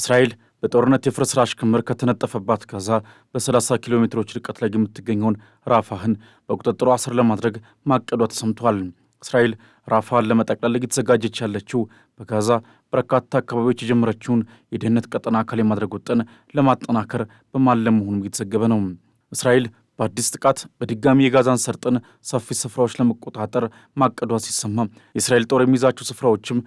እስራኤል በጦርነት የፍርስራሽ ክምር ከተነጠፈባት ጋዛ በ30 ኪሎ ሜትሮች ርቀት ላይ የምትገኘውን ራፋህን በቁጥጥሯ ስር ለማድረግ ማቀዷ ተሰምቷል። እስራኤል ራፋህን ለመጠቅለል እየተዘጋጀች ያለችው በጋዛ በርካታ አካባቢዎች የጀመረችውን የደህንነት ቀጠና አካል የማድረግ ውጥን ለማጠናከር በማለም መሆኑም እየተዘገበ ነው። እስራኤል በአዲስ ጥቃት በድጋሚ የጋዛን ሰርጥን ሰፊ ስፍራዎች ለመቆጣጠር ማቀዷ ሲሰማ የእስራኤል ጦር የሚይዛቸው ስፍራዎችም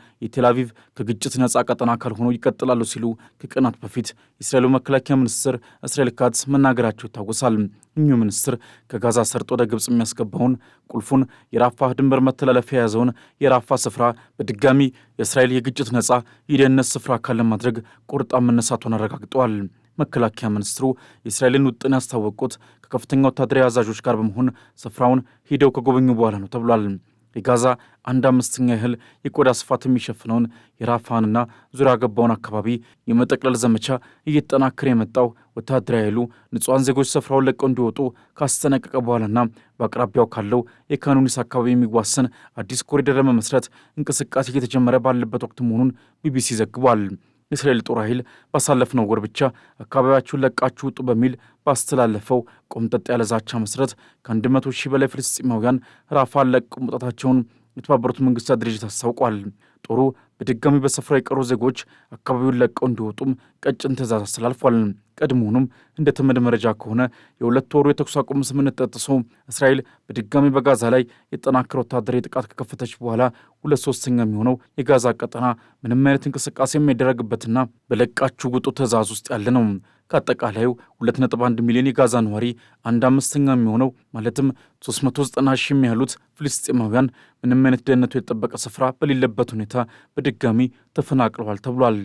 አቪቭ ከግጭት ነጻ ቀጠና አካል ሆነው ይቀጥላሉ ሲሉ ከቀናት በፊት የእስራኤሉ መከላከያ ሚኒስትር እስራኤል ካትስ መናገራቸው ይታወሳል። እኚሁ ሚኒስትር ከጋዛ ሰርጥ ወደ ግብፅ የሚያስገባውን ቁልፉን የራፋ ድንበር መተላለፊያ የያዘውን የራፋ ስፍራ በድጋሚ የእስራኤል የግጭት ነጻ የደህንነት ስፍራ አካል ለማድረግ ቆርጣ መነሳቷን አረጋግጠዋል። መከላከያ ሚኒስትሩ የእስራኤልን ውጥን ያስታወቁት ከከፍተኛ ወታደራዊ አዛዦች ጋር በመሆን ስፍራውን ሂደው ከጎበኙ በኋላ ነው ተብሏል። የጋዛ አንድ አምስተኛ ያህል የቆዳ ስፋት የሚሸፍነውን የራፋንና ዙሪያ ገባውን አካባቢ የመጠቅለል ዘመቻ እየተጠናከረ የመጣው ወታደራዊ ኃይሉ ንጹሐን ዜጎች ስፍራውን ለቀው እንዲወጡ ካስጠነቀቀ በኋላና በአቅራቢያው ካለው የካኑኒስ አካባቢ የሚዋሰን አዲስ ኮሪደር ለመመስረት እንቅስቃሴ እየተጀመረ ባለበት ወቅት መሆኑን ቢቢሲ ዘግቧል። የእስራኤል ጦር ኃይል ባሳለፍነው ወር ብቻ አካባቢያችሁን ለቃችሁ ውጡ በሚል ባስተላለፈው ቆምጠጥ ያለ ዛቻ መሰረት ከ100 ሺህ በላይ ፍልስጢማውያን ራፋን ለቀው መውጣታቸውን የተባበሩት መንግስታት ድርጅት አስታውቋል። ጦሩ በድጋሚ በስፍራ የቀሩ ዜጎች አካባቢውን ለቀው እንዲወጡም ቀጭን ትዕዛዝ አስተላልፏል። ቀድሞውኑም እንደ ተመድ መረጃ ከሆነ የሁለት ወሩ የተኩስ አቁም ስምምነት ጠጥሶ እስራኤል በድጋሚ በጋዛ ላይ የተጠናከረ ወታደራዊ ጥቃት ከከፈተች በኋላ ሁለት ሶስተኛ የሚሆነው የጋዛ ቀጠና ምንም አይነት እንቅስቃሴ የሚደረግበትና በለቃችሁ ውጡ ትዕዛዝ ውስጥ ያለ ነው። ከአጠቃላዩ 2.1 ሚሊዮን የጋዛ ነዋሪ አንድ አምስተኛ የሚሆነው ማለትም 390 ሺህ የሚያሉት ፍልስጤማውያን ምንም አይነት ደህንነቱ የተጠበቀ ስፍራ በሌለበት ሁኔታ በድጋሚ ተፈናቅለዋል ተብሏል።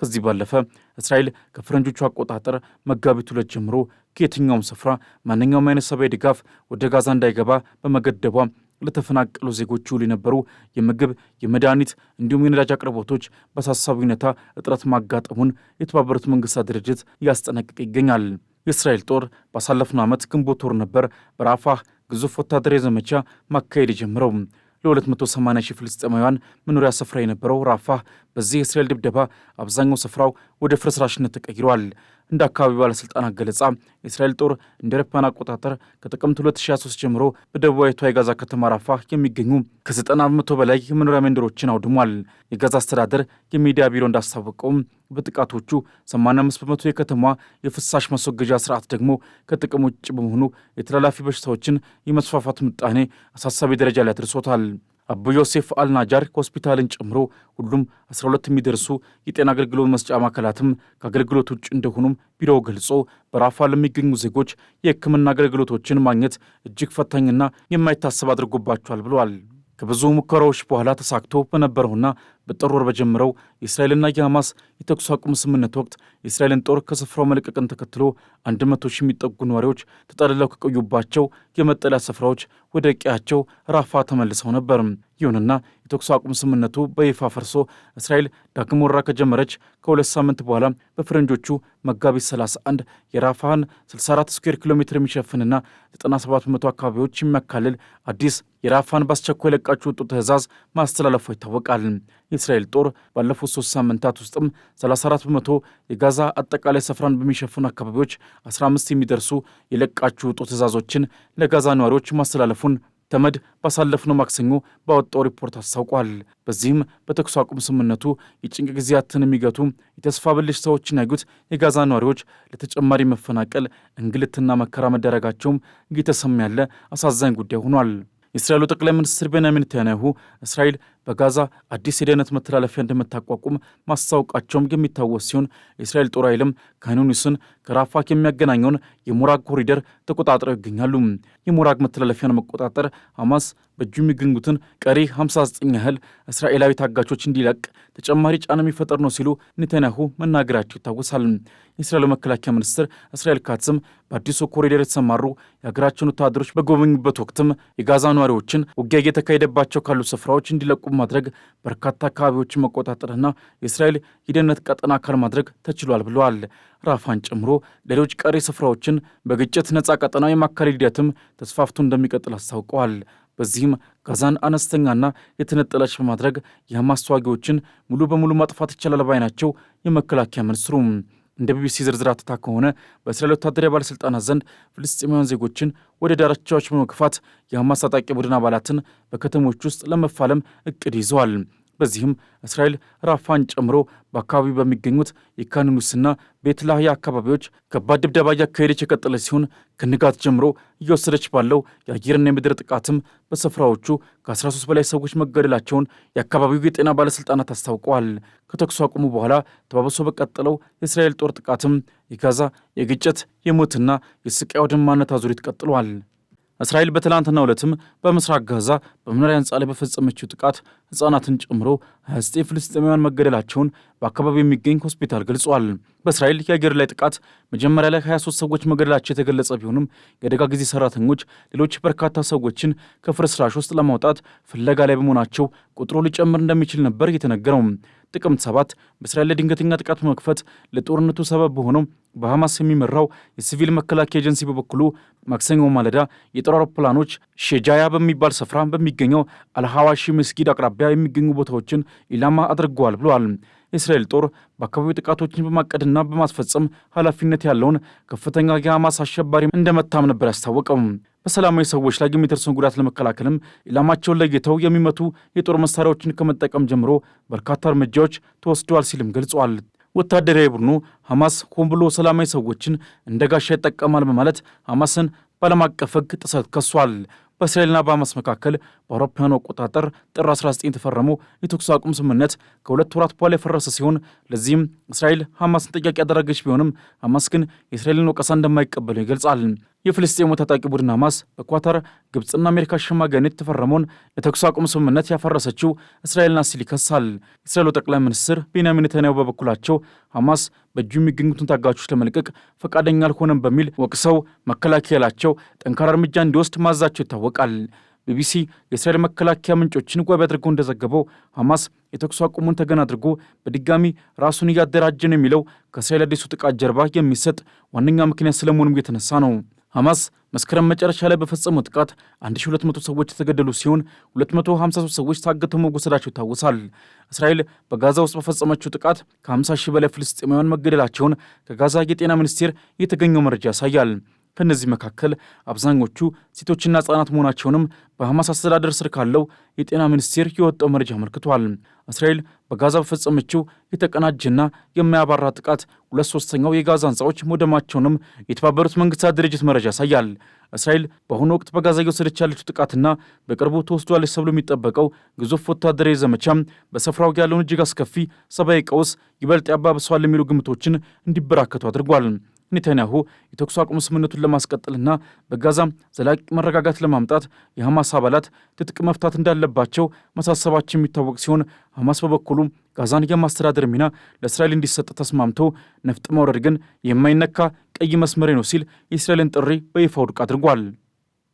ከዚህ ባለፈ እስራኤል ከፈረንጆቹ አቆጣጠር መጋቢት ሁለት ጀምሮ ከየትኛውም ስፍራ ማንኛውም አይነት ሰብአዊ ድጋፍ ወደ ጋዛ እንዳይገባ በመገደቧ ለተፈናቀሉ ዜጎች ይውሉ የነበሩ የምግብ፣ የመድኃኒት እንዲሁም የነዳጅ አቅርቦቶች በአሳሳቢ ሁኔታ እጥረት ማጋጠሙን የተባበሩት መንግስታት ድርጅት እያስጠነቀቀ ይገኛል። የእስራኤል ጦር ባሳለፍነው ዓመት ግንቦት ወር ነበር በራፋህ ግዙፍ ወታደራዊ ዘመቻ ማካሄድ የጀምረው። ለ280 ሺህ ፍልስጤማውያን መኖሪያ ስፍራ የነበረው ራፋህ በዚህ የእስራኤል ድብደባ አብዛኛው ስፍራው ወደ ፍርስራሽነት ተቀይሯል። እንደ አካባቢው ባለሥልጣናት ገለጻ የእስራኤል ጦር እንደ አውሮፓውያን አቆጣጠር ከጥቅምት 2023 ጀምሮ በደቡባዊቷ የጋዛ ከተማ ራፋ የሚገኙ ከ90 በመቶ በላይ የመኖሪያ መንደሮችን አውድሟል። የጋዛ አስተዳደር የሚዲያ ቢሮ እንዳስታወቀውም በጥቃቶቹ 85 በመቶ የከተማ የፍሳሽ ማስወገጃ ስርዓት ደግሞ ከጥቅም ውጭ በመሆኑ የተላላፊ በሽታዎችን የመስፋፋት ምጣኔ አሳሳቢ ደረጃ ላይ አድርሶታል። አቡ ዮሴፍ አልናጃር ሆስፒታልን ጨምሮ ሁሉም 12 የሚደርሱ የጤና አገልግሎት መስጫ ማዕከላትም ከአገልግሎት ውጭ እንደሆኑም ቢሮው ገልጾ በራፋ ለሚገኙ ዜጎች የሕክምና አገልግሎቶችን ማግኘት እጅግ ፈታኝና የማይታሰብ አድርጎባቸዋል ብለዋል። ከብዙ ሙከራዎች በኋላ ተሳክቶ በነበረውና በጥር ወር በጀመረው የእስራኤልና የሐማስ የተኩስ አቁም ስምምነት ወቅት የእስራኤልን ጦር ከስፍራው መልቀቅን ተከትሎ 100 ሺህ የሚጠጉ ነዋሪዎች ተጠልለው ከቆዩባቸው የመጠለያ ስፍራዎች ወደ ቀያቸው ራፋ ተመልሰው ነበር። ይሁንና የተኩስ አቁም ስምምነቱ በይፋ ፈርሶ እስራኤል ዳግም ወረራ ከጀመረች ከሁለት ሳምንት በኋላ በፈረንጆቹ መጋቢት 31 የራፋህን 64 ስኩዌር ኪሎ ሜትር የሚሸፍንና 97 በመቶ አካባቢዎች የሚያካልል አዲስ የራፋን በአስቸኳይ ለቃችሁ ውጡ ትዕዛዝ ማስተላለፉ ይታወቃል። የእስራኤል ጦር ባለፉት ሶስት ሳምንታት ውስጥም 34 በመቶ የጋዛ አጠቃላይ ስፍራን በሚሸፍኑ አካባቢዎች 15 የሚደርሱ የለቃችሁ ውጡ ትዕዛዞችን ለጋዛ ነዋሪዎች ማስተላለፉን ተመድ ባሳለፍነው ማክሰኞ ባወጣው ሪፖርት አስታውቋል። በዚህም በተኩስ አቁም ስምምነቱ የጭንቅ ጊዜያትን የሚገቱ የተስፋ ብልሽ ሰዎችን ያዩት የጋዛ ነዋሪዎች ለተጨማሪ መፈናቀል፣ እንግልትና መከራ መደረጋቸውም እየተሰማ ያለ አሳዛኝ ጉዳይ ሆኗል። የእስራኤሉ ጠቅላይ ሚኒስትር ቤንያሚን ኔታንያሁ እስራኤል በጋዛ አዲስ የደህንነት መተላለፊያ እንደምታቋቁም ማስታወቃቸውም የሚታወስ ሲሆን የእስራኤል ጦር ኃይልም ካን ዩኒስን ከራፋክ የሚያገናኘውን የሙራግ ኮሪደር ተቆጣጥረው ይገኛሉ። የሙራግ መተላለፊያን መቆጣጠር ሐማስ በእጁ የሚገኙትን ቀሪ 59 ያህል እስራኤላዊ ታጋቾች እንዲለቅ ተጨማሪ ጫና የሚፈጠር ነው ሲሉ ኔታንያሁ መናገራቸው ይታወሳል። የእስራኤል መከላከያ ሚኒስትር እስራኤል ካትስም በአዲሱ ኮሪደር የተሰማሩ የሀገራቸውን ወታደሮች በጎበኙበት ወቅትም የጋዛ ነዋሪዎችን ውጊያ እየተካሄደባቸው ካሉ ስፍራዎች እንዲለቁ ማድረግ፣ በርካታ አካባቢዎችን መቆጣጠርና የእስራኤል የደህንነት ቀጠና አካል ማድረግ ተችሏል ብለዋል። ራፋን ጨምሮ ሌሎች ቀሪ ስፍራዎችን በግጭት ነጻ ቀጠና የማካሄድ ሂደትም ተስፋፍቶ እንደሚቀጥል አስታውቀዋል። በዚህም ጋዛን አነስተኛና የተነጠለች በማድረግ የሐማስ ተዋጊዎችን ሙሉ በሙሉ ማጥፋት ይቻላል ባይ ናቸው የመከላከያ ሚኒስትሩም። እንደ ቢቢሲ ዝርዝር አተታ ከሆነ በእስራኤል ወታደራዊ ባለሥልጣናት ዘንድ ፍልስጤማውያን ዜጎችን ወደ ዳርቻዎች በመግፋት የሐማስ ታጣቂ ቡድን አባላትን በከተሞች ውስጥ ለመፋለም እቅድ ይዘዋል። በዚህም እስራኤል ራፋን ጨምሮ በአካባቢው በሚገኙት የካንኑስና ቤት ላህያ አካባቢዎች ከባድ ድብደባ እያካሄደች የቀጠለች ሲሆን ከንጋት ጀምሮ እየወሰደች ባለው የአየርና የምድር ጥቃትም በስፍራዎቹ ከ13 በላይ ሰዎች መገደላቸውን የአካባቢው የጤና ባለሥልጣናት አስታውቀዋል። ከተኩስ አቁሙ በኋላ ተባብሶ በቀጠለው የእስራኤል ጦር ጥቃትም የጋዛ የግጭት የሞትና የስቃይ አውድማነት አዙሪት ቀጥሏል። እስራኤል በትላንትና ዕለትም በምስራቅ ጋዛ በመኖሪያ ህንፃ ላይ በፈጸመችው ጥቃት ሕፃናትን ጨምሮ 29 ፍልስጤማውያን መገደላቸውን በአካባቢው የሚገኝ ሆስፒታል ገልጿል። በእስራኤል የአየር ላይ ጥቃት መጀመሪያ ላይ 23 ሰዎች መገደላቸው የተገለጸ ቢሆንም የአደጋ ጊዜ ሰራተኞች ሌሎች በርካታ ሰዎችን ከፍርስራሽ ውስጥ ለማውጣት ፍለጋ ላይ በመሆናቸው ቁጥሩ ሊጨምር እንደሚችል ነበር የተነገረው። ጥቅምት ሰባት በእስራኤል የድንገተኛ ጥቃት መክፈት ለጦርነቱ ሰበብ በሆነው በሐማስ የሚመራው የሲቪል መከላከያ ኤጀንሲ በበኩሉ ማክሰኞ ማለዳ የጦር አውሮፕላኖች ሼጃያ በሚባል ስፍራ በሚገኘው አልሐዋሺ መስጊድ አቅራቢያ የሚገኙ ቦታዎችን ኢላማ አድርገዋል ብለዋል። የእስራኤል ጦር በአካባቢው ጥቃቶችን በማቀድና በማስፈጸም ኃላፊነት ያለውን ከፍተኛ የሐማስ አሸባሪ እንደመታም ነበር ያስታወቀው። በሰላማዊ ሰዎች ላይ የሚደርሰውን ጉዳት ለመከላከልም ኢላማቸውን ለይተው የሚመቱ የጦር መሳሪያዎችን ከመጠቀም ጀምሮ በርካታ እርምጃዎች ተወስደዋል ሲልም ገልጿል። ወታደራዊ ቡድኑ ሐማስ ሆን ብሎ ሰላማዊ ሰዎችን እንደ ጋሻ ይጠቀማል በማለት ሐማስን በዓለም አቀፍ ሕግ ጥሰት ከሷል። በእስራኤልና በሐማስ መካከል በአውሮፓውያኑ አቆጣጠር ጥር 19 የተፈረሙ የተኩስ አቁም ስምምነት ከሁለት ወራት በኋላ የፈረሰ ሲሆን ለዚህም እስራኤል ሐማስን ጥያቄ ያደረገች ቢሆንም ሐማስ ግን የእስራኤልን ወቀሳ እንደማይቀበለው ይገልጻል። የፍልስጤሙ ታጣቂ ቡድን ሐማስ በኳታር ግብፅና አሜሪካ ሸማጋይነት የተፈረመውን የተኩስ አቁም ስምምነት ያፈረሰችው እስራኤል ናት ሲል ይከሳል። የእስራኤሉ ጠቅላይ ሚኒስትር ቤንያሚን ኔታንያሁ በበኩላቸው ሐማስ በእጁ የሚገኙትን ታጋቾች ለመልቀቅ ፈቃደኛ አልሆነም በሚል ወቅሰው መከላከያላቸው ጠንካራ እርምጃ እንዲወስድ ማዛቸው ይታወቃል። ቢቢሲ የእስራኤል መከላከያ ምንጮችን ዋቢ አድርገው እንደዘገበው ሐማስ የተኩስ አቁሙን ተገን አድርጎ በድጋሚ ራሱን እያደራጀ ነው የሚለው ከእስራኤል አዲሱ ጥቃት ጀርባ የሚሰጥ ዋነኛ ምክንያት ስለመሆኑም እየተነሳ ነው። ሐማስ መስከረም መጨረሻ ላይ በፈጸመው ጥቃት 1200 ሰዎች የተገደሉ ሲሆን 253 ሰዎች ታግተው መወሰዳቸው ይታወሳል። እስራኤል በጋዛ ውስጥ በፈጸመችው ጥቃት ከ50 ሺህ በላይ ፍልስጤማውያን መገደላቸውን ከጋዛ የጤና ሚኒስቴር የተገኘው መረጃ ያሳያል። ከእነዚህ መካከል አብዛኞቹ ሴቶችና ህጻናት መሆናቸውንም በሐማስ አስተዳደር ስር ካለው የጤና ሚኒስቴር የወጣው መረጃ አመልክቷል። እስራኤል በጋዛ በፈጸመችው የተቀናጀና የማያባራ ጥቃት ሁለት ሶስተኛው የጋዛ ህንፃዎች መውደማቸውንም የተባበሩት መንግስታት ድርጅት መረጃ ያሳያል። እስራኤል በአሁኑ ወቅት በጋዛ እየወሰደች ያለችው ጥቃትና በቅርቡ ተወስዷለች ተብሎ የሚጠበቀው ግዙፍ ወታደራዊ ዘመቻ በስፍራው ያለውን እጅግ አስከፊ ሰብአዊ ቀውስ ይበልጥ ያባብሰዋል የሚሉ ግምቶችን እንዲበራከቱ አድርጓል። ኔታንያሁ የተኩስ አቁም ስምምነቱን ለማስቀጠልና በጋዛም ዘላቂ መረጋጋት ለማምጣት የሐማስ አባላት ትጥቅ መፍታት እንዳለባቸው ማሳሰባቸው የሚታወቅ ሲሆን ሐማስ በበኩሉ ጋዛን የማስተዳደር ሚና ለእስራኤል እንዲሰጥ ተስማምቶ ነፍጥ ማውረድ ግን የማይነካ ቀይ መስመሬ ነው ሲል የእስራኤልን ጥሪ በይፋ ውድቅ አድርጓል።